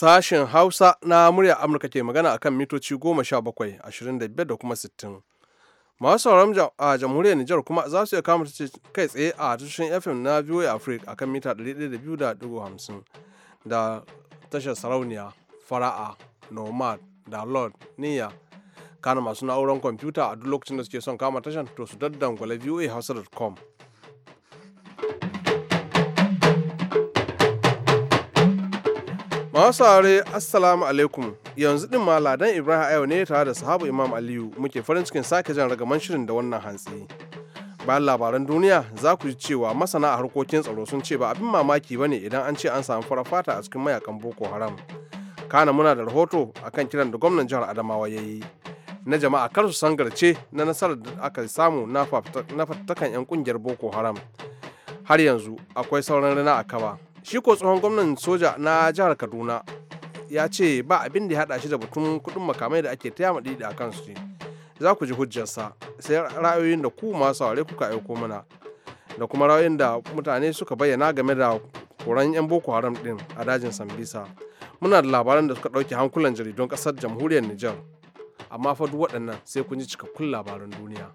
Sashen Hausa na murya Amurka ke magana akan mitoci 17, 25 da kuma 60. Masu sauran a jamhuriyar Nijar kuma za su iya kama ce kai tsaye a tushen FM na VOA Africa akan mita 102.50 da tashar sarauniya fara'a nomad da lord niya kana masu na'uran kwamfuta a duk lokacin da suke son kama tashar to su daddangwale voa hausa.com Masu saurare Assalamu alaikum yanzu din ma Ladan Ibrahim Ayo ne tare da sahabu Imam Aliyu muke farin cikin sake jan ragaman shirin da wannan hantsi. Bayan labaran duniya za ku ji cewa masana a harkokin tsaro sun ce ba abin mamaki ba ne idan an ce an samu fara fata a cikin mayakan Boko Haram. Kana muna da rahoto a kan kiran da gwamnan jihar Adamawa ya yi. Na jama'a kar su sangarce na nasarar da aka samu na fatakan 'yan kungiyar Boko Haram. Har yanzu akwai sauran rana a kaba. shi ko tsohon gwamnan soja na jihar kaduna ya ce ba abin da ya haɗa shi da batun kuɗin makamai da ake taya maɗi a kansu za ku ji hujjarsa sai ra'ayoyin da ku masu aure kuka aiko mana da kuma ra'ayoyin da mutane suka bayyana game da koran 'yan boko haram din a dajin sambisa muna da labaran da suka ɗauke hankulan jaridun ƙasar jamhuriyar nijar amma fa duk waɗannan sai kun ji cikakkun labaran duniya.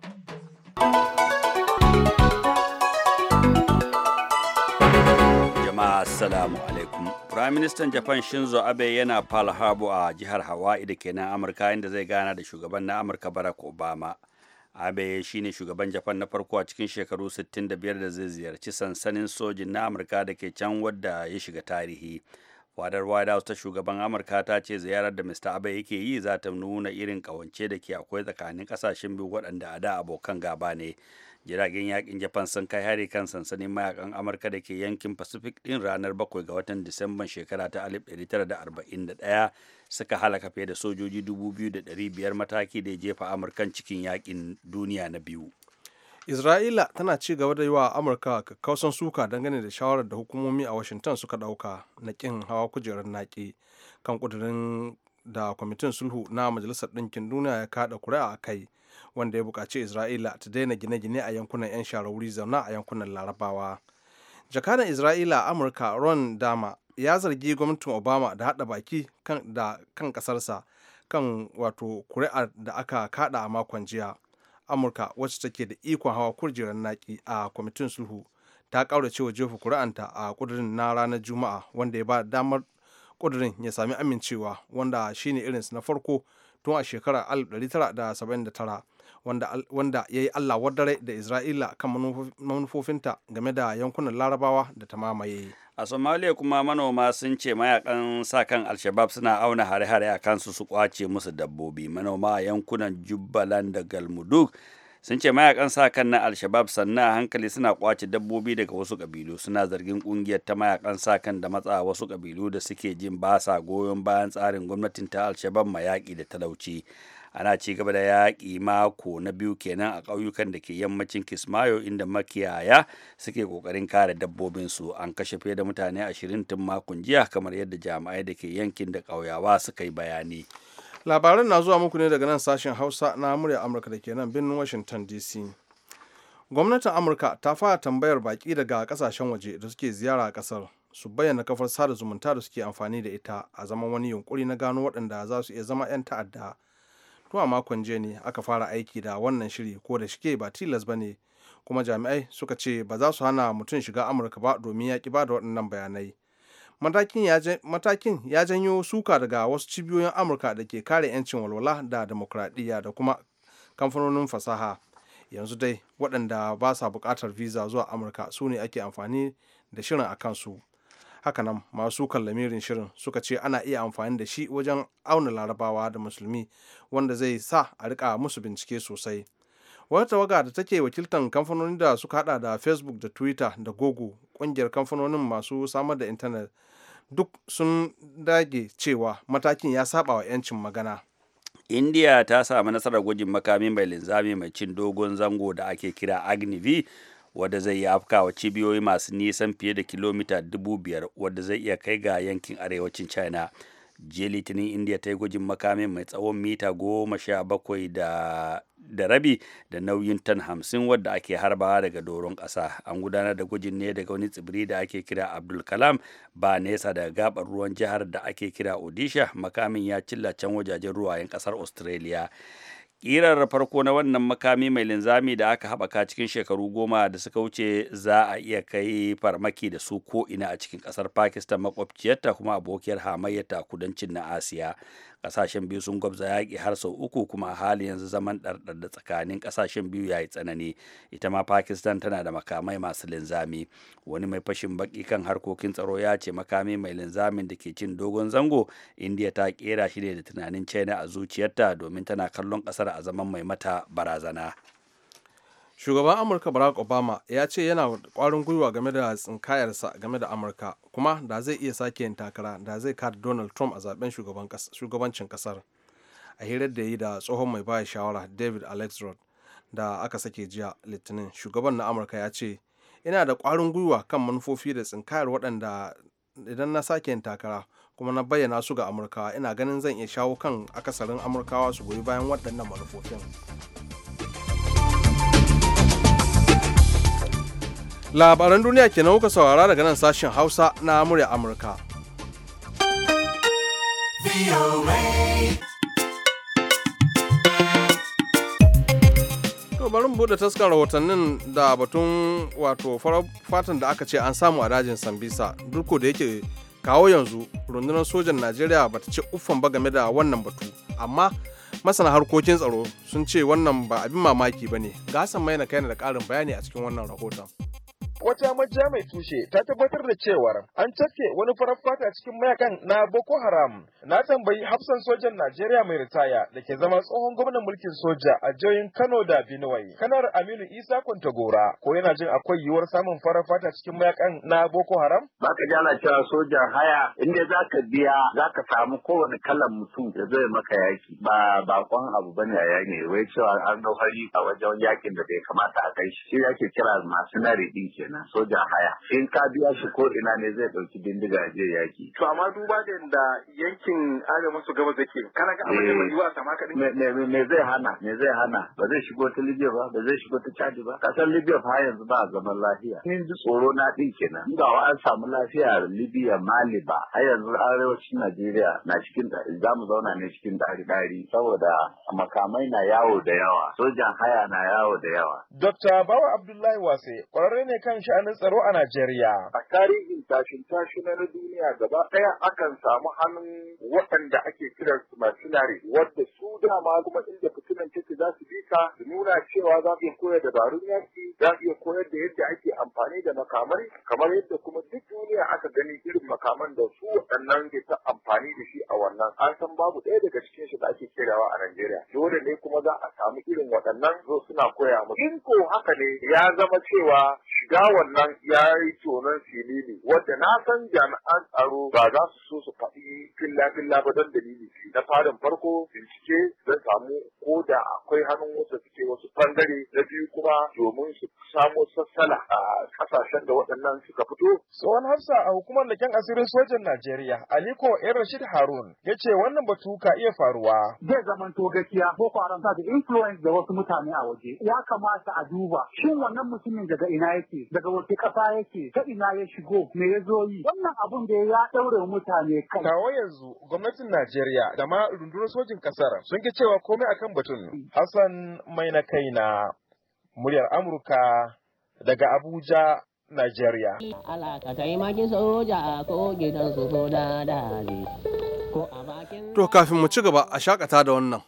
Assalamu alaikum. Prime Minister Japan Shinzo Abe yana Pearl Harbor a jihar Hawaii da ke nan Amurka inda zai gana da shugaban na Amurka Barack Obama. Abe shi ne shugaban Japan na farko a cikin shekaru 65 da zai ziyarci sansanin sojin na Amurka da ke can wadda ya shiga tarihi. Fadar White House ta shugaban Amurka ta ce ziyarar da Mr. Abe yake yi za ta nuna irin kawance da ke akwai tsakanin kasashen biyu waɗanda a da abokan gaba ne. jiragen yakin japan sun kai hari kan sansanin mayakan amurka da ke yankin pacific din ranar 7 ga watan disamban shekara ta 1941 suka halaka fiye da sojoji 2,500 mataki da ya jefa amurkan cikin yakin duniya na biyu isra'ila tana ci gaba da yi wa amurka kakkausan suka dangane da shawarar da hukumomi a washington suka dauka na kin hawa kujerar naki kan kudurin da kwamitin sulhu na majalisar ɗinkin duniya ya kaɗa kuri'a a kai wanda ya bukaci isra'ila ta daina gine-gine a yankunan 'yan sharawuri zauna a yankunan larabawa jakanan isra'ila a amurka ron dama ya zargi gwamnatin obama da haɗa baki da kan ƙasarsa kan wato kuri'ar da aka kada a makon jiya amurka wacce take da ikon hawa kurjiran naki a kwamitin sulhu ta ƙaurace wa jefa kuri'anta a ƙudurin na ranar juma'a wanda ya ba damar ƙudurin ya sami amincewa wanda shine irinsu na farko tun a shekarar 1979 wanda ya yi allah wadare da isra'ila kan manufofinta game da yankunan larabawa da ta mamaye a somalia kuma manoma sun ce mayakan sa kan alshabab suna auna hare-hare a kansu su kwace musu dabbobi manoma a yankunan Jubbalan da galmuduk sun ce mayakan sa kan na alshabab sannan a hankali suna kwace dabbobi daga wasu kabilu suna zargin kungiyar ta mayakan sa kan da matsa wasu kabilu da suke jin ba sa goyon bayan tsarin gwamnatin ta alshabab ma yaƙi da talauci ana ci gaba da yaƙi mako na biyu kenan a ƙauyukan da ke yammacin kismayo inda makiyaya suke ƙoƙarin kare dabbobin su an kashe fiye da mutane ashirin tun makon jiya kamar yadda jami'ai da ke yankin da ƙauyawa suka yi bayani labaran na zuwa muku ne daga nan sashen hausa na murya amurka da ke nan birnin washington dc gwamnatin amurka ta fara tambayar baƙi daga ƙasashen waje da suke ziyara a ƙasar su bayyana kafar sada zumunta da suke amfani da ita a zaman wani yunkuri na gano waɗanda za su iya zama 'yan ta'adda to a makon jiya ne aka fara aiki da wannan shiri ko da shike ba tilas ba ne kuma jami'ai suka ce ba za su hana mutum shiga amurka ba domin ya ba da waɗannan bayanai matakin ya janyo suka daga wasu cibiyoyin amurka da ke kare 'yancin walwala da demokradiyya da kuma kamfanonin fasaha yanzu dai waɗanda ba sa buƙatar visa zuwa amurka su ne ake amfani da shirin a kansu hakanan masu kallamirin shirin suka ce ana iya amfani da shi wajen auna larabawa da musulmi wanda zai sa a rika musu bincike sosai wata tawaga da take wakiltan kamfanonin da suka hada da facebook da twitter da google kungiyar kamfanonin masu samar da intanet duk sun dage cewa matakin ya saba wa 'yancin magana india ta samu nasarar gwajin makami mai linzami mai cin dogon zango da ake kira agni v wadda zai yi afkawa cibiyoyi masu nisan fiye da kilomita dubu biyar wadda zai iya kai ga yankin arewacin china jiya litinin india ta yi gwajin makamin mai tsawon mita goma sha bakwai da, da rabi da nauyin tan hamsin wadda ake harbawa daga doron ƙasa an gudanar da gwajin ne daga wani tsibiri da ake kira abdul kalam ba nesa daga gabar ruwan jihar da ake kira odisha makamin ya cilla can wajajen ruwayen ƙasar australia ƙirar farko na wannan makami mai linzami da aka haɓaka cikin shekaru goma da suka wuce za a iya kai farmaki da su ko ina a cikin ƙasar pakistan makwabciyarta kuma abokiyar hamayyata kudancin na asiya kasashen biyu sun gwabza yaƙi har sau uku kuma a hali yanzu zaman ɗarɗar da tsakanin kasashen biyu ya yi tsanani ita ma pakistan tana da makamai masu linzami wani mai fashin baki kan harkokin tsaro ya ce makamai mai linzamin da ke cin dogon zango indiya ta kera shi ne da tunanin china a zuciyarta domin tana kallon ƙasar a zaman mai mata barazana. shugaban amurka barack obama ya ce yana kwarin gwiwa game da tsinkayarsa game da amurka kuma da zai iya sake yin takara da zai kada donald trump a zaben shugabancin kasar a hirar da yi da tsohon mai baya shawara david alexrod da aka sake jiya litinin shugaban na amurka ya ce ina da kwarin gwiwa kan manufofi da tsinkayar waɗanda idan na sake yin takara kuma na bayyana su ga amurkawa ina ganin zan iya shawo kan akasarin amurkawa su goyi bayan waɗannan manufofin labaran duniya kenan kuka saurara daga nan sashen hausa na murya amurka to bari mu bude taskar rahotannin da batun wato fatan da aka ce an samu a dajin sambisa duk da yake kawo yanzu rundunar sojan najeriya bata ce uffan ba game da wannan batu amma masana harkokin tsaro sun ce wannan ba abin mamaki ba ne gasan mai na kai da ƙarin bayani a cikin wannan rahoton. wata majiya mai tushe ta tabbatar da cewar an cafke wani farar fata cikin mayakan na Boko Haram. Na tambayi hafsan sojan Najeriya mai ritaya da ke zama tsohon gwamnan mulkin soja a jihohin Kano da Benue. Kanar Aminu Isa Kwantagora ko yana jin akwai yiwuwar samun farar fata cikin mayakan na Boko Haram? Ba ka ji ana cewa sojan haya inda za ka biya za ka samu kowane kalan mutum da zai maka yaki ba bakon abu bane a yaki wai cewa an dau a wajen yakin da bai kamata a kai shi shi yake kira masu nare din ina. sojan haya in ka biya shi ko ina ne zai dauki bindiga je yaki to amma duba da yanda yankin arewa maso gabas yake kana ga abin da bai yiwa eh. sama kadin me zai hana me zai hana ba zai shigo ta libya ba ba zai shigo ta chad ba Kasan libya fa yanzu ba zaman lafiya in ji tsoro na din kenan Inda wa an samu lafiya libya mali ba A yanzu arewacin najeriya na cikin za mu zauna ne cikin dari dari saboda makamai na yawo da yawa sojan haya na yawo da yawa Dr. Bawa Abdullahi Wase, kwararre ne kan sha'anin tsaro a Najeriya. A tarihin tashin tashina na duniya gaba ɗaya akan samu hannun waɗanda ake kiran su mercenary wadda su dama kuma inda fitinan ciki za su bi su nuna cewa za su iya koyar dabarun yaki za su iya koyar da yadda ake amfani da makamai kamar yadda kuma duk duniya aka gani irin makaman da su waɗannan ke ta amfani da shi a wannan an san babu ɗaya daga cikin shi da ake kirawa a Najeriya dole ne kuma za a samu irin waɗannan zo suna koya musu in ko haka ne ya zama cewa Gawar nan ya yi tonon fili ne wadda na san jami'an tsaro ba za su so su faɗi filla-filla ba don dalili na farin farko bincike zai samu ko da akwai hannun wasu suke wasu bangare na biyu kuma domin su samu sassala a kasashen da waɗannan suka fito. Tsohon Hafsa a hukumar leken asirin sojan Najeriya Aliko Yan Rashid Harun ya ce wannan batu ka iya faruwa. Zai zamanto gaskiya ko kwaranta da influence da wasu mutane a waje ya kamata a duba shin wannan mutumin daga ina yake daga wace ƙasa yake ta ina ya shigo me ya zo yi wannan abun da ya daure mutane kai. Kawo yanzu gwamnatin Najeriya da ma rundunar sojin ƙasar sun ki cewa komai akan batun. Hassan mai na kai na muryar Amurka daga Abuja Najeriya. To kafin mu ci gaba a shakata da wannan.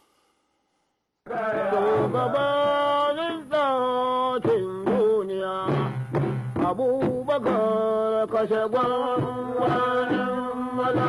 kashe gwangwanin maza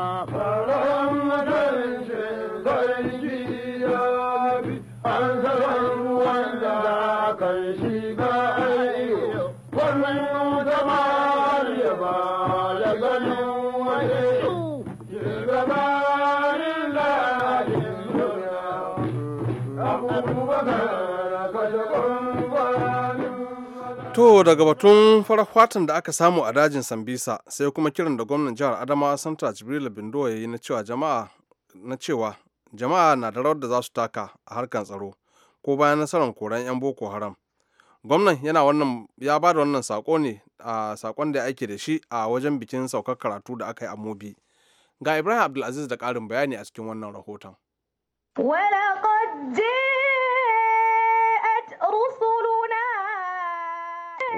daga batun farar fatan da aka samu a dajin sambisa sai kuma kiran da gwamnan jihar adamawa santa jibril bindo ya yi na cewa jama'a na da rawar da za su taka a harkar tsaro ko bayan nasarar koren 'yan boko haram gwamnan yana wannan ya ba da wannan sako ne a sakon da ya aike da shi a wajen bikin saukar karatu da aka yi a mobi ga ibrahim abdulaziz da ƙarin bayani a cikin wannan rahoton ولقد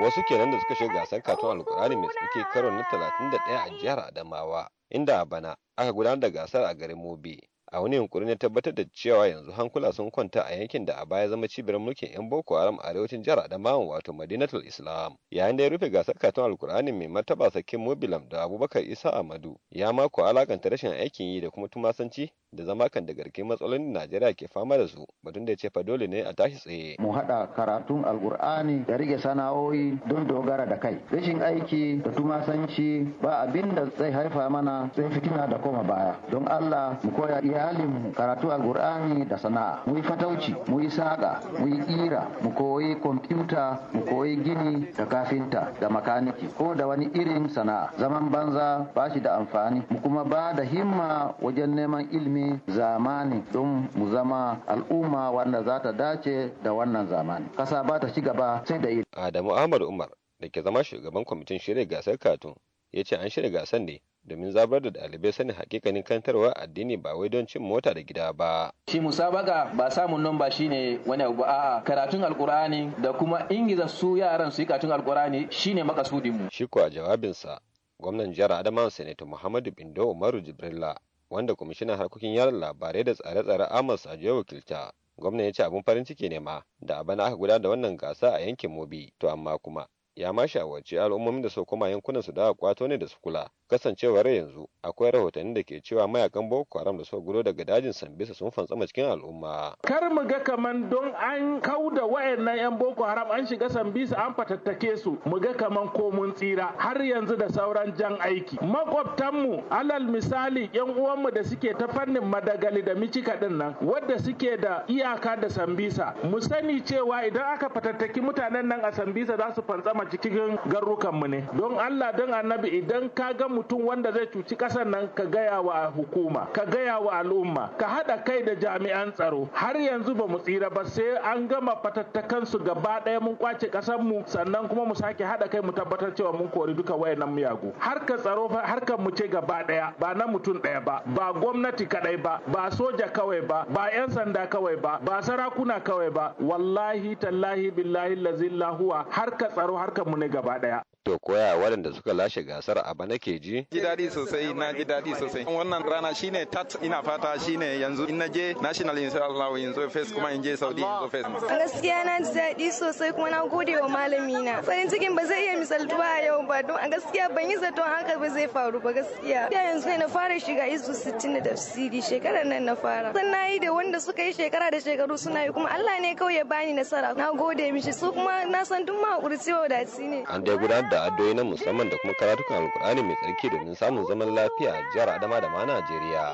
wasu kenan da suka shiga gasar katon alkurani mai tsarki karo na 31 a jihar adamawa inda a bana aka gudanar da gasar a garin mobi a wani yunkuri na tabbatar da cewa yanzu hankula sun kwanta a yankin da a baya zama cibiyar mulkin yan boko haram a arewacin jihar adamawa wato madinatul islam yayin da ya rufe gasar katon alkur'ani mai martaba sakin mobilam da abubakar isa amadu ya mako alakanta rashin aikin yi da kuma tumasanci da zama kan da garke matsalolin Najeriya ke fama da su batun da ya ce fa dole ne a tashi tsaye. Mu haɗa karatun Alkur'ani da rike sana'o'i don dogara da kai. Rashin aiki da tumasanci ba abin da zai haifa mana sai fitina da koma baya. Don Allah mu koya iyalinmu karatu Alkur'ani da sana'a. Mu yi fatauci, mu yi saƙa, mu yi ƙira, mu koyi kwamfuta, mu koyi gini da kafinta da makaniki ko da wani irin sana'a. Zaman banza ba shi da amfani. Mu kuma ba da himma wajen neman ilimi zamani don mu zama al'umma wanda za ta dace da wannan zamani kasa ba ta ci gaba sai da ilimi adamu ahmad umar da ke zama shugaban kwamitin shirya gasar katun ya ce an shirya gasar ne domin zabar da ɗalibai sani hakikanin kantarwa addini ba wai don cin mota da gida ba. Shi musabaka ba samun nan ba shine wani abu a'a karatun alkur'ani da kuma ingiza su yaran su yi karatun alkur'ani shine makasudinmu. mu. Shi kuwa jawabinsa gwamnan jihar Adamawa Sanata Muhammadu Bindo Umaru jibrila wanda kwamishinan harkokin yaran labarai da tsare-tsare Amos a wakilta. Gwamnan ya ce abin farin ciki ne ma da a bana aka gudanar da wannan gasa a yankin Mobi to amma kuma ya ma shawarci al'ummomin da su koma yankunan su da kwato ne da su kula kasancewar yanzu akwai rahotanni da ke cewa mayakan boko haram da suka gudo daga dajin sambisa sun fantsama cikin al'umma kar mu ga kaman don an kau da wayannan yan boko haram an shiga sambisa an fatattake su mu ga kaman ko mun tsira har yanzu da sauran jan aiki makwabtanmu alal misali yan uwanmu da suke ta fannin madagali da micika din nan wadda suke da iyaka da sambisa mu sani cewa idan aka fatattaki mutanen nan a sambisa za su fantsama cikin garrukanmu ne don allah don annabi idan ka ga mu mutum wanda zai cuci ƙasar nan ka gaya wa hukuma ka gaya wa al'umma ka haɗa kai da jami'an tsaro har yanzu ba mu tsira ba sai an gama fatattakan su gaba ɗaya mun kwace ƙasar mu sannan kuma mu sake haɗa kai mu tabbatar cewa mun kori duka wayannan miyagu harkar tsaro harkar mu ce gaba ɗaya ba na mutum ɗaya ba ba gwamnati kaɗai ba ba soja kawai ba ba 'yan sanda kawai ba ba sarakuna kawai ba wallahi tallahi billahi lazillah huwa harkar tsaro harkar mu ne gaba ɗaya To koya waɗanda suka lashe gasar a bana ke ji? Ji daɗi sosai, na ji daɗi sosai. Wannan rana shine tat ina fata shine yanzu in naje national insha Allah yanzu face kuma in je Saudi yanzu face. Gaskiya na ji daɗi sosai kuma na gode wa malami na. Farin cikin ba zai iya misaltuwa a yau ba don a gaskiya ban yi zaton haka ba zai faru ba gaskiya. Ya yanzu ne na fara shiga izu 60 da tafsiri shekarar nan na fara. San na yi da wanda suka yi shekara da shekaru suna yi kuma Allah ne kawai ya bani nasara. Na gode mishi su kuma na san duk ma cewa da ne. An dai gudanar da addu'oi na musamman da kuma karatukan alkur'ani mai tsarki domin samun zaman lafiya a jihar adama da ma najeriya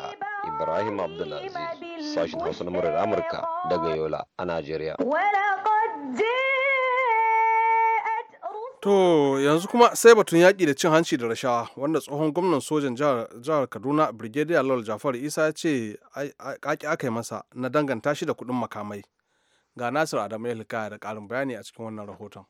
ibrahim abdulaziz sashen hausa na murar amurka daga yola a najeriya To yanzu kuma sai batun yaƙi da cin hanci da rashawa wanda tsohon gwamnan sojan jihar Kaduna Brigadier Lawal Jafar Isa ya ce ƙaƙi aka yi masa na danganta shi da kuɗin makamai. Ga Nasir Adamu ya da ƙarin bayani a cikin wannan rahoton.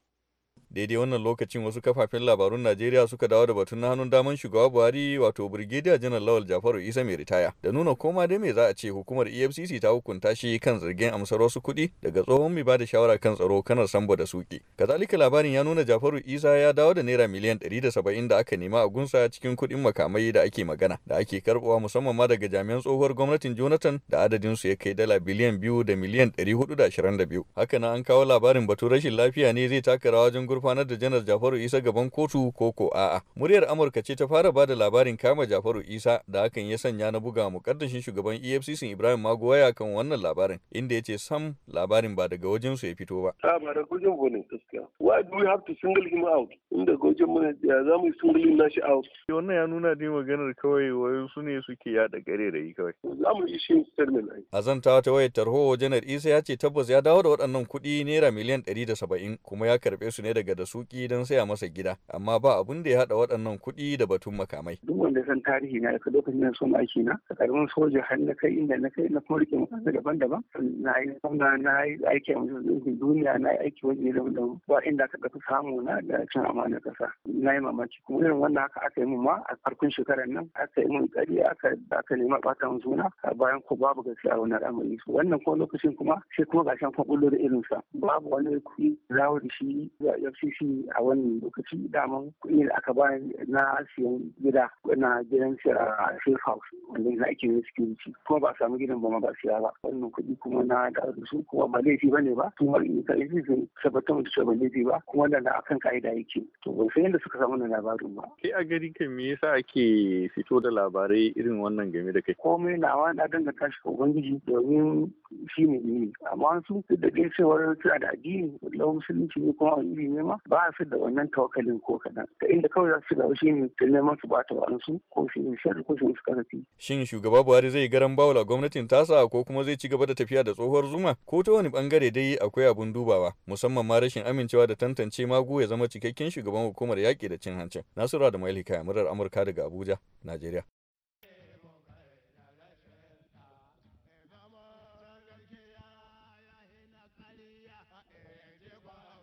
daidai wannan lokacin wasu kafafen labarun najeriya suka dawo da batun na hannun daman shugaba buhari wato brigadier janar lawal jafaru isa mai ritaya da nuna koma dai mai za a ce hukumar efcc ta hukunta shi kan zargin amsar wasu kuɗi daga tsohon mai bada shawara kan tsaro kanar sambo da suki kazalika labarin ya nuna jafaru isa ya dawo da naira miliyan 170 da aka nema a gunsa cikin kuɗin makamai da ake magana da ake karbowa musamman ma daga jami'an tsohuwar gwamnatin jonathan da adadin su ya kai dala biliyan biyu da miliyan 422 haka nan an kawo labarin batun rashin lafiya ne zai taka rawa wajen gurfanar da janar Jafaru Isa gaban kotu ko ko a'a. Muryar Amurka ce ta fara bada labarin kama Jafaru Isa da hakan ya sanya na buga mukaddashin shugaban EFCC Ibrahim Magoya kan wannan labarin inda ya ce sam labarin ba daga wajen su ya fito ba. A ba da gojin bane gaskiya. Why do we have to single him out? Inda gojin mun ya za mu single him nashi out. Eh, wannan ya nuna dai maganar kawai wayan su ne suke yada gare da yi kawai. Za mu yi shi statement a Azantawa ta wayar tarho janar Isa ya ce tabbas ya dawo da waɗannan kuɗi naira miliyan 170 kuma ya karɓe su ne daga daga suki don saya masa gida amma ba abun da ya haɗa waɗannan kuɗi da batun makamai. Duk wanda san tarihi na aka lokacin da son aiki na a ƙarfin soja har na kai inda na kai na kuma rike mutane daban-daban na yi na yi aiki a wajen duniya na yi aiki wajen da daban ba inda aka tafi samu na da cin amana ƙasa na yi mamaki kuma irin wannan haka aka yi mun ma a farkon shekarar nan aka yi mun ƙari aka aka nema ɓatan suna bayan ko babu gaskiya wani al'amari su wannan ko lokacin kuma sai kuma gashin kuma da irinsa babu wani kuɗi zawo da shi ya lasisi a wannan lokaci daman kuɗi da aka ba na siyan gida na gidan a safe house wanda na ake yin security kuma ba a samu gidan ba ma ba siya ba wannan kuɗi kuma na da su kuma ba laifi ba ne ba kuma in ka yi sun tabbatar da ba laifi ba kuma da na akan ka'ida yake to ban san yadda suka samu wannan labarin ba. kai a gari kan me yasa ake fito da labarai irin wannan game da kai. komai nawa na danganta shi ga ubangiji domin shi ne ne amma su da dai cewar suna da addini lau musulunci ne kuma wani ne Ba ba fi da wannan tawakalin ko kaɗan ta inda kawai za su da shi ne ta neman su bata su ko shi ne shi ko shi ne su karfi. shin shugaba buhari zai garan bawula gwamnatin tasa ko kuma zai ci gaba da tafiya da tsohuwar zuma ko ta wani bangare dai akwai abun dubawa musamman ma rashin amincewa da tantance mago ya zama cikakken shugaban hukumar yaƙi da cin hancin nasura da mailika murar amurka daga abuja najeriya.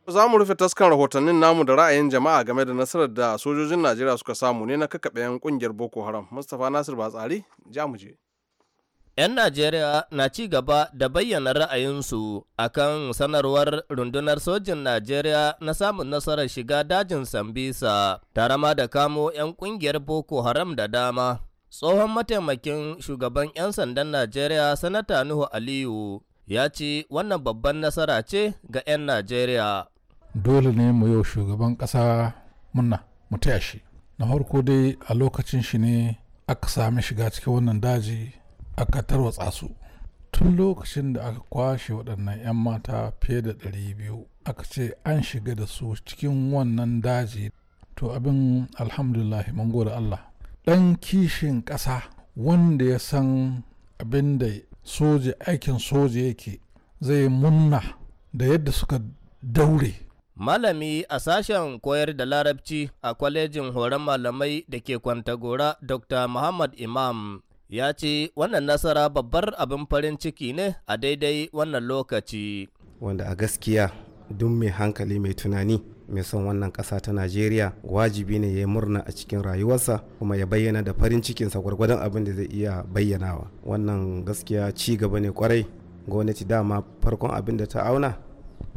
Za mu rufe taskan rahotannin namu da ra'ayin jama'a game da nasarar da sojojin Najeriya suka samu ne na kakaɓe 'yan ƙungiyar Boko Haram. Mustapha Nasir Batsari, ja mu je. 'Yan Najeriya na ci gaba da bayyana ra'ayinsu a kan sanarwar rundunar sojin Najeriya na samun nasarar shiga dajin Sambisa, tare ma da kamo 'yan ƙungiyar Boko Haram da dama. Tsohon mataimakin shugaban 'yan sandan Najeriya, Sanata Nuhu Aliyu, ya ce wannan babban nasara ce ga 'yan Najeriya. dole ne mu yau shugaban ƙasa muna mu taya shi na farko dai a lokacin shi ne aka sami shiga cikin wannan daji aka tarwatsa su tun lokacin da aka kwashe waɗannan 'yan mata fiye da 200 aka ce an shiga da su cikin wannan daji to abin alhamdulillah mun gode Allah ɗan kishin ƙasa wanda ya san abin da soja aikin soja yake zai munna da yadda suka daure Malami a sashen koyar da larabci a kwalejin horon malamai da ke Kwantagora Dr. Muhammad Imam ya ce wannan nasara babbar abin farin ciki ne a daidai wannan lokaci. Wanda a gaskiya duk mai hankali mai tunani mai son wannan ƙasa ta Najeriya wajibi ne ya yi murna a cikin rayuwarsa kuma ya bayyana da farin cikinsa gwargwadon abin da zai iya bayyanawa. Wannan gaskiya ci gaba ne kwarai gwamnati dama farkon abin da ta auna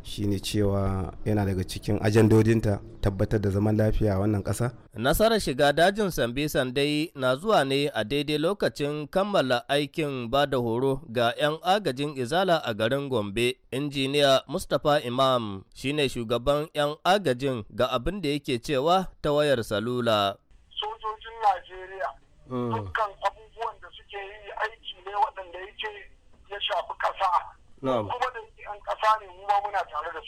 shine cewa yana daga cikin ajandodinta tabbatar da zaman lafiya a wannan ƙasa. Nasarar shiga dajin Sambisan dai na zuwa ne a daidai lokacin kammala aikin ba da horo ga 'yan agajin izala a garin Gombe. Injiniya Mustapha Imam shine shugaban 'yan agajin ga abin da yake cewa ta wayar salula. Sojojin Najeriya hmm. dukkan abubuwan da suke yi aiki ne waɗanda yake ya shafi kasa. 'yan ƙasa ne mu ma muna tare da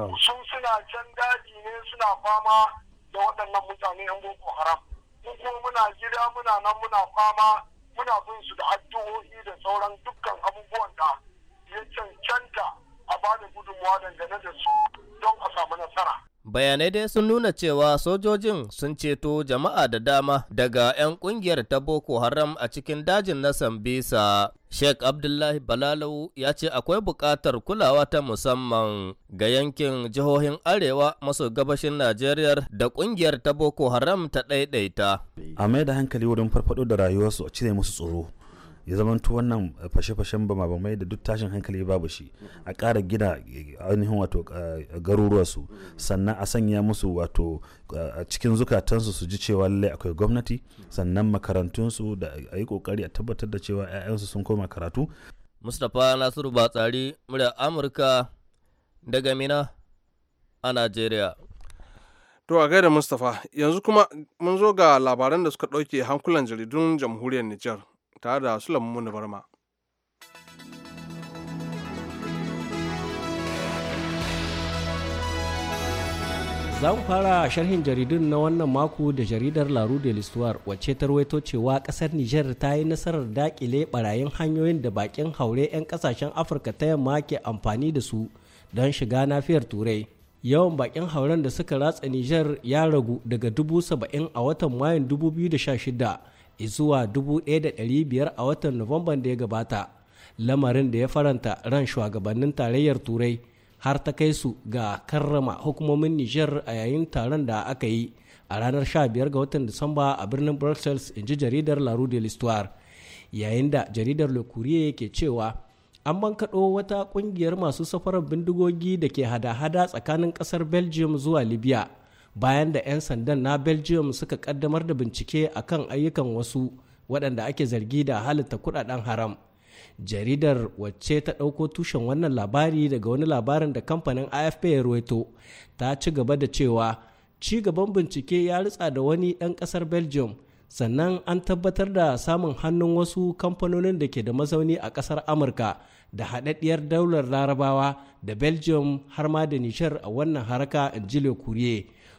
su su suna can daji ne suna fama da waɗannan mutane 'yan boko haram mu muna gida muna nan muna fama muna bin su da addu'o'i da sauran dukkan abubuwan da ya cancanta a bada gudunmawa dangane da su don a samu nasara Bayanai dai sun nuna cewa sojojin sun ceto jama'a da dama daga 'yan kungiyar ta Boko Haram a cikin dajin na Sambisa. Sheikh Abdullahi Balalau ya ce akwai buƙatar kulawa ta musamman ga yankin jihohin Arewa maso gabashin Najeriya da ƙungiyar ta Boko Haram ta ɗaiɗaita. A mai da hankali wurin farfaɗo da rayuwarsu a cire musu tsoro. ya zamanto wannan eh, fashe-fashen bama mai da duk tashin hankali babu shi a ƙara gina eh, ainihin wato eh, garuruwarsu sannan a sanya musu wato a cikin zukatansu su ji cewa lallai akwai gwamnati sannan makarantunsu da a yi ƙoƙari a tabbatar da cewa 'ya'yansu sun koma karatu. mustapha nasiru batsari murya amurka daga mina a najeriya To a gaida Mustapha, yanzu kuma mun zo ga labaran da suka ɗauke hankulan jaridun jamhuriyar Nijar. tare da Sulaiman Barma. Za mu fara sharhin jaridun na wannan mako da jaridar Laru de l'Histoire wacce ta rawaito cewa kasar Nijar ta yi nasarar dakile barayin hanyoyin da bakin haure 'yan kasashen Afirka ta yamma ke amfani da su don shiga nafiyar Turai. Yawan bakin hauren da suka ratsa Nijar ya ragu daga dubu saba'in a watan Mayun 2016 zuwa 1,500 a watan Nuwamban da ya gabata, lamarin da ya faranta ran shugabannin tarayyar Turai har ta kai su ga karrama hukumomin Nijar a yayin taron da aka yi a ranar 15 ga watan Disamba a birnin Brussels, in ji jaridar La Rue de l'Histoire, yayin da jaridar Le Courrier yake cewa an bankaɗo wata ƙungiyar masu safarar bindigogi da ke hada-hada tsakanin ƙasar Belgium zuwa Libya. bayan da 'yan sandan na belgium suka kaddamar da bincike a kan ayyukan wasu waɗanda ake zargi da halitta kudaden haram jaridar wacce ta ɗauko tushen wannan labari daga wani labarin da kamfanin afp ya ruwaito ta ci gaba da cewa ci gaban bincike ya ritsa da wani ɗan ƙasar belgium sannan an tabbatar da samun hannun wasu kamfanonin da ke da mazauni a ƙasar amurka da haɗaɗɗiyar daular larabawa da belgium har ma da nishar a wannan haraka in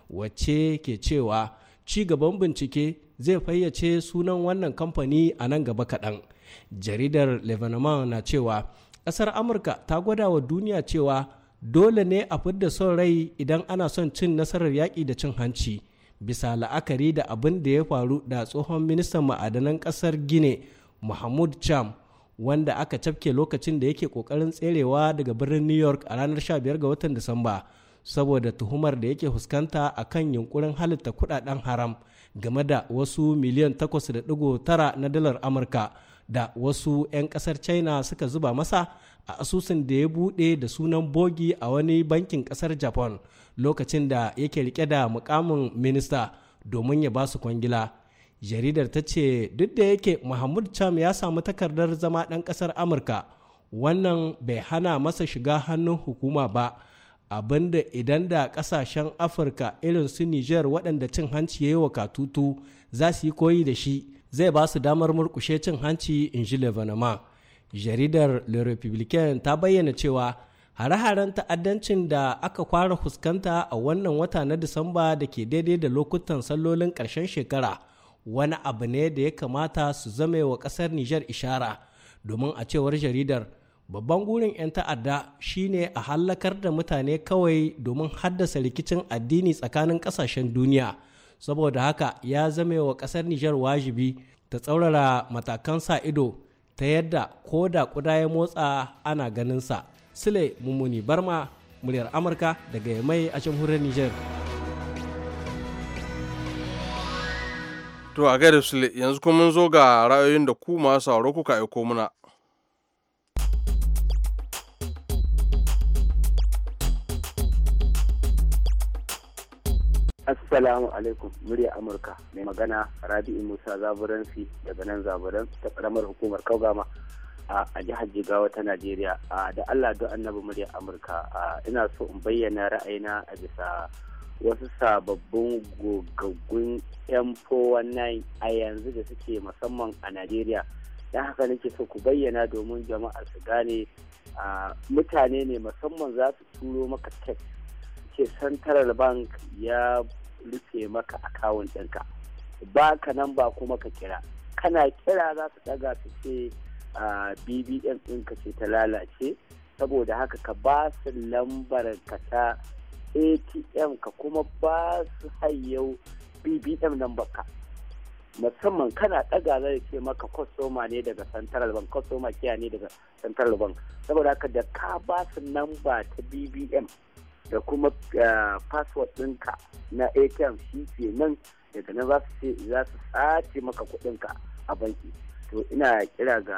wacce ke cewa ci gaban bincike zai fayyace sunan wannan kamfani a nan gaba kaɗan jaridar lebanon na cewa ƙasar amurka ta gwada wa duniya cewa dole ne a fidda son rai idan ana son cin nasarar yaƙi da cin hanci bisa la'akari da abin da ya faru da tsohon ministan ma'adanan ƙasar gine mahmud cham wanda aka cafke lokacin da yake ƙoƙarin tserewa daga birnin new york a ranar 15 ga watan disamba saboda tuhumar da yake fuskanta a kan yunkurin halitta kudaden haram game da wasu miliyan 8.9 na dalar amurka da wasu 'yan kasar china suka zuba masa a asusun da ya bude da sunan bogi a wani bankin kasar japan lokacin da yake rike da mukamin minista domin ya ba su kwangila jaridar ta ce duk da yake muhammad cham ya samu takardar zama dan kasar amurka wannan bai hana masa shiga hannun hukuma ba abinda idan da kasashen afirka irin su niger waɗanda cin hanci ya yi wa katutu za su yi koyi da shi zai ba su damar murkushe cin hanci in ji levanama jaridar le republican ta bayyana cewa hare-haren ta'addancin da aka kwara fuskanta a wannan wata na disamba da ke daidai da lokutan sallolin ƙarshen shekara wani abu ne da ya kamata su zame wa ƙasar niger ishara domin a cewar jaridar babban gurin 'yan ta'adda shine a hallakar da mutane kawai domin haddasa rikicin addini tsakanin kasashen duniya saboda haka ya zame wa ƙasar nijar wajibi ta tsaurara matakan sa ido ta yadda ko da kuda ya motsa ana ganinsa sule mummuni barma muryar amurka daga mai a jamhuriyar nijar to a gaida sule yanzu kuma mun zo ga ra'ayoyin da ku masu sauro kuka aiko muna Assalamu alaikum murya Amurka mai magana Rabi'u Musa Zaburansi daga nan Zaburan ta karamar hukumar Kaugama a jihar Jigawa ta Najeriya da Allah don annabi murya Amurka ina so in bayyana ra'ayina a bisa wasu sababbin gogaggun 'yan 419 a yanzu da suke musamman a Najeriya. don haka nake so ku bayyana domin jama'a su gane mutane ne musamman za su turo maka text ce central bank ya rufe maka akawun ɗinka ba ka nan ba kuma ka kira kana kira za su daga su ce bbm ɗinka ce ta lalace saboda haka ka ba su lambar ka ta atm ka kuma ba su hayyau bbm lambar ka musamman kana ɗaga zai ce maka kwastoma ne daga central bank kwastoma kiya ne daga central bank saboda haka da ka ba su lamba ta bbm da kuma eh, password ɗinka na atm shi ke nan daga nan za su sace maka kuɗinka a banki to ina kira ga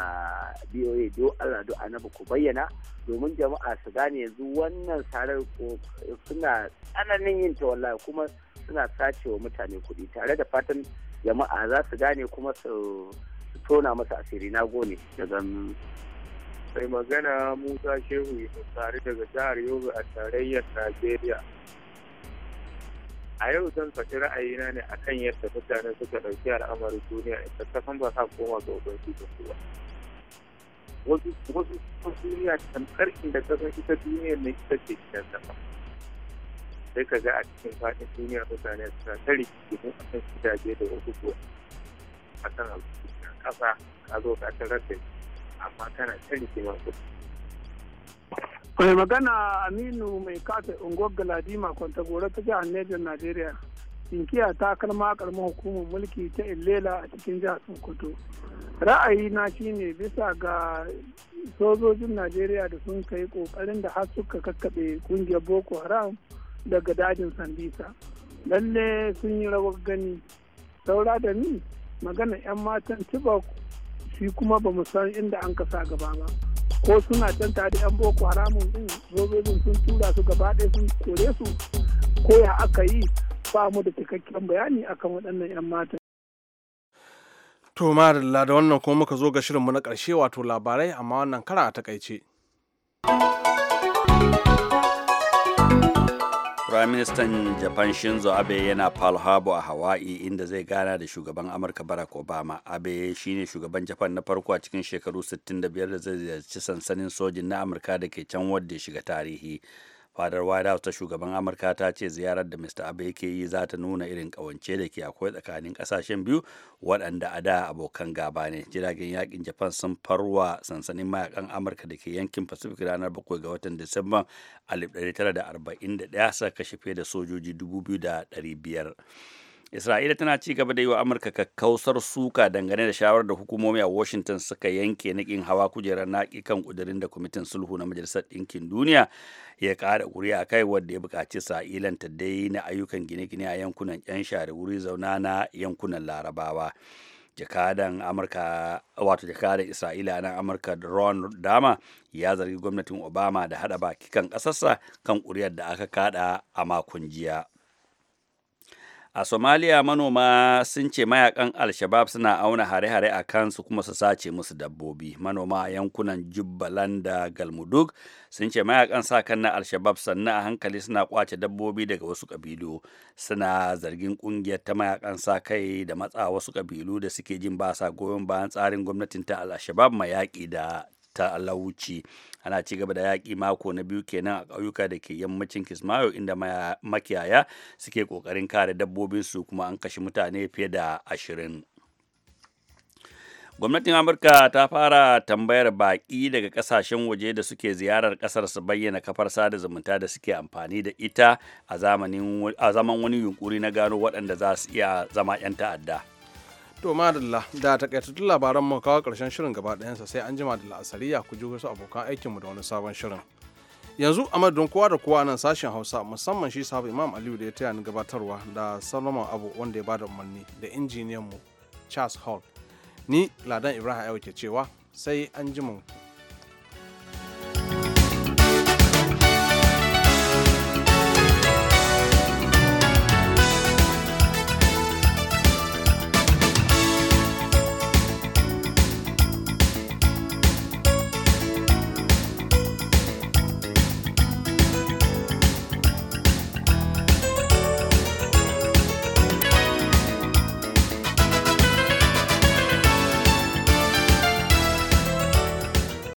boa do allah do annabi ku bayyana domin jama'a su gane yanzu wannan sarar suna tsananin yin ta wallahi kuma suna sace wa mutane kuɗi tare da fatan jama'a za su gane kuma su tona masa asiri na gone daga mai magana musa shehu tare daga jihar yobe a tarayyar najeriya a yau zan faɗi ra'ayina ne akan yadda mutane suka ɗauki al'amarin duniya ita ta san ba sa koma ga da kuwa. wasu wasu duniya tamkar da ta san ita duniya ne ita ce gidan sama sai ka ga a cikin faɗin duniya mutane suna ta mu a kan gidaje da wasu kuwa a kan abu ƙasa ka zo ka tarar da shi amma tana ta mai magana aminu mai kafe unguwar galadima gora ta jihar nejan najeriya inkiya ta kalma karamin hukumar mulki ta illela a cikin jihar sokoto ra'ayi shi shine bisa ga sojojin najeriya da sun kai kokarin da har suka kakkaɓe kungiyar boko haram daga dajin sandisa lalle sun yi rawar gani saura da ni magana 'yan matan tibok shi kuma ba mu san inda an kasa gaba ba ko suna can tare yan boko haramun din zobezin sun tura su gaba ɗaya sun kore su ko ya aka yi ba mu da cikakken bayani akan waɗannan 'yan mata To ma da wannan kuma muka zo ga shirinmu na ƙarshe wato labarai amma wannan kara a takaice. Minister Japan Shinzo Abe yana Pearl Harbor a Hawaii inda zai gana da shugaban Amurka Barack Obama. Abe shine shugaban Japan na farko a cikin shekaru 65 da zai ziyarci sansanin sojin na Amurka da ke can wadda shiga tarihi. fadar white house ta shugaban amurka ta ce ziyarar da mr abe yake yi za ta nuna irin kawance da ke akwai tsakanin kasashen biyu waɗanda a da abokan gaba ne jiragen yakin japan sun farwa sansanin mayakan amurka da ke yankin pacific ranar bakwai ga watan disamba 1941 suka kashe fiye da sojoji 2500 Isra'ila tana ci gaba da yi wa Amurka kakkausar suka dangane da shawarar da hukumomi a Washington suka yanke na hawa kujerar naƙi kan kudirin da kwamitin sulhu na Majalisar Ɗinkin Duniya ya ƙara ƙuri'a kai wadda ya buƙaci Isra'ilan ta daina ayyukan gine-gine a yankunan 'yan share wuri zauna na yankunan Larabawa. jakadan amurka wato jakadan isra'ila na amurka ron dama ya zargi gwamnatin obama da haɗa baki kan kasarsa kan ƙuri'ar da aka kaɗa a makon jiya a somaliya manoma sun ce mayakan al-shabab suna auna hare-hare a kansu kuma su sace musu dabbobi manoma a yankunan jubbalan da galmudug sun ce mayakan sa kan na al-shabab sannan a hankali suna kwace dabbobi daga wasu kabilu suna zargin kungiyar ta mayakan sa kai da matsa wasu kabilu da suke jin basa goyon bayan tsarin gwamnatin ta al-shabab mai yaƙi da ta Alauci. Ana ci gaba da yaƙi mako na biyu kenan a ƙauyuka da ke yammacin Kismayo inda makiyaya suke ƙoƙarin kare dabbobin su kuma an kashe mutane fiye da ashirin. Gwamnatin Amurka ta fara tambayar baƙi daga ƙasashen waje da suke ziyarar ƙasar su bayyana kafar sada zumunta da suke amfani da ita a zaman wani yunkuri na gano waɗanda za su iya zama 'yan ta'adda. To madalla da takaitattun labaran mu kawo karshen shirin gaba ɗayansa sai an jima da la'asariya ku ji wasu abokan aikinmu da wani sabon shirin. Yanzu a madadin kowa da kowa nan sashen Hausa musamman shi sahabu Imam Aliyu da ya taya ni gabatarwa da Solomon Abu wanda ya bada umarni da injiniyan mu Charles Hall. Ni Ladan Ibrahim Ayo ke cewa sai an jima